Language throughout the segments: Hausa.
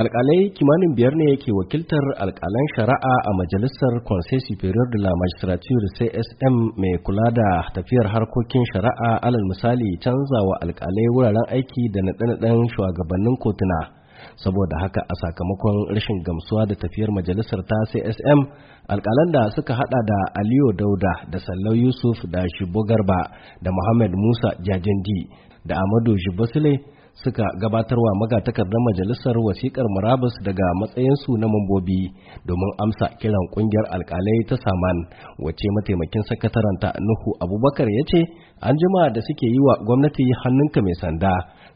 alkalai kimanin biyar ne ke wakiltar alkalan shari'a a majalisar conseil superior de la magistrature csm mai kula da tafiyar harkokin shari'a alal misali canza wa alkalai wuraren aiki da naɗe-naɗen shugabannin kotuna saboda haka a sakamakon rashin gamsuwa da tafiyar majalisar ta csm alkalan da suka hada da aliyu dauda da sallau yusuf da shibo garba da muhammad musa jajendi da amadu jibosile suka gabatarwa magatakardar majalisar wasikar murabus daga matsayinsu na mambobi domin amsa kiran kungiyar alkalai ta saman wace mataimakin sakataranta nuhu abubakar ya ce an jima da suke yi wa gwamnati hannunka mai sanda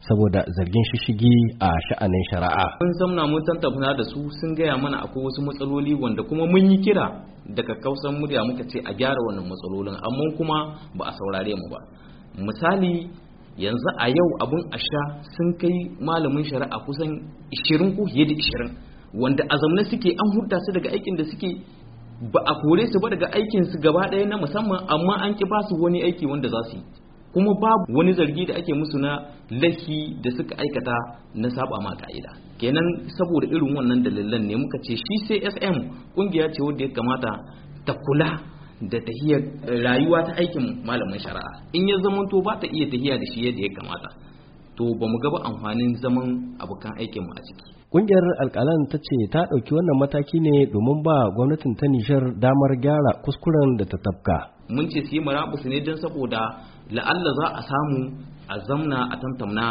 saboda zargin shishigi a sha'anin shari'a mun na mun tantabuna da su sun gaya mana akwai wasu matsaloli wanda kuma mun yi kira daga kausan murya muka ce a gyara wannan matsalolin amma kuma ba a saurare mu ba misali yanzu a yau abun a sha sun kai malamin shari'a kusan 20 ko fiye da 20 wanda azamna suke an hudda su daga aikin da suke ba a kore su ba daga aikin su gaba ɗaya na musamman amma an ki ba su wani aiki wanda za su yi kuma babu wani zargi da ake musu na lahi da suka aikata na saba ma ka'ida kenan saboda irin wannan dalilan ne muka ce shi sai SM kungiya ce wadda ya kamata ta kula da tahiyar rayuwa ta aikin malamin shari'a in ya zama to ba ta iya tahiya da shi yadda ya kamata to ba mu gaba amfanin zaman abokan aikin mu a ciki Ƙungiyar alkalan ta ce ta ɗauki wannan mataki ne domin ba gwamnatin ta nishar damar gyara kuskuren da ta tafka. Mun ce su yi murabus ne don saboda la'alla za a samu a zamna a tamtamna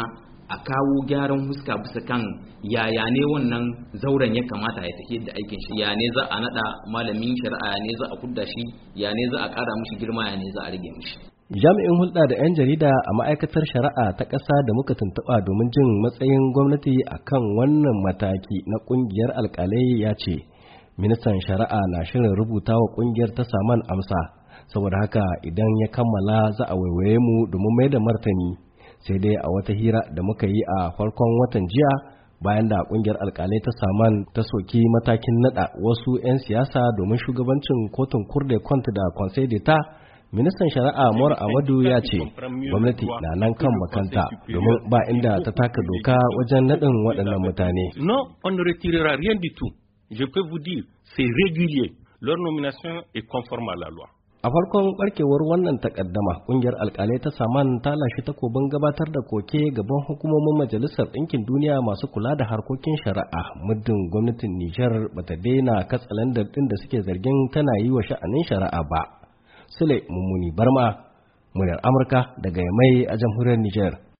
a kawo gyaran huska bisa kan yaya ne wannan zauren ya kamata ya tafi da aikin shi ya ne za a nada malamin shari'a ya ne za a kudda shi ya ne za a kara mishi girma ya ne za a rage mishi jami'in hulɗa da 'yan jarida a ma'aikatar shari'a ta ƙasa da muka tuntuɓa domin jin matsayin gwamnati a kan wannan mataki na ƙungiyar alƙalai ya ce ministan shari'a na shirin rubuta wa ƙungiyar ta saman amsa saboda haka idan ya kammala za a waiwaye mu domin mai da martani sai dai a wata hira da muka yi a farkon watan jiya bayan da kungiyar alkalai ta saman ta soki matakin nada wasu 'yan siyasa domin shugabancin kotun kurde kwanta da conseil d'etat ministan shari'a mor amadu ya ce gwamnati na nan kan makanta domin ba inda ta taka doka wajen nadin waɗannan mutane a farkon barkewar wannan takaddama kungiyar alkalai ta saman ta lashe takobin gabatar da koke gaban hukumomin majalisar ɗinkin duniya masu kula da harkokin shari'a muddin gwamnatin nijar bata daina katsalandar ɗin da suke zargin tana yi wa sha'anin shari'a ba sule mummuni barma muryar amurka daga mai a jamhuriyar nijar